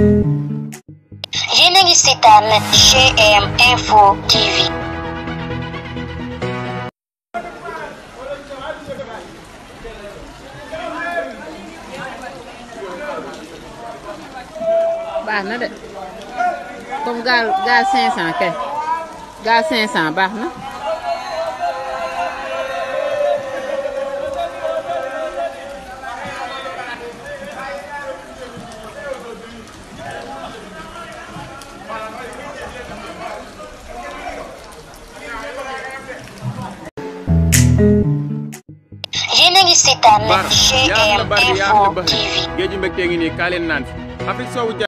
yéen a ngi seetaan Info TV. baax na de comme gaal gaal 500 kay gaal 500 baax na. yéen a ngi seetaan GM Infos TV.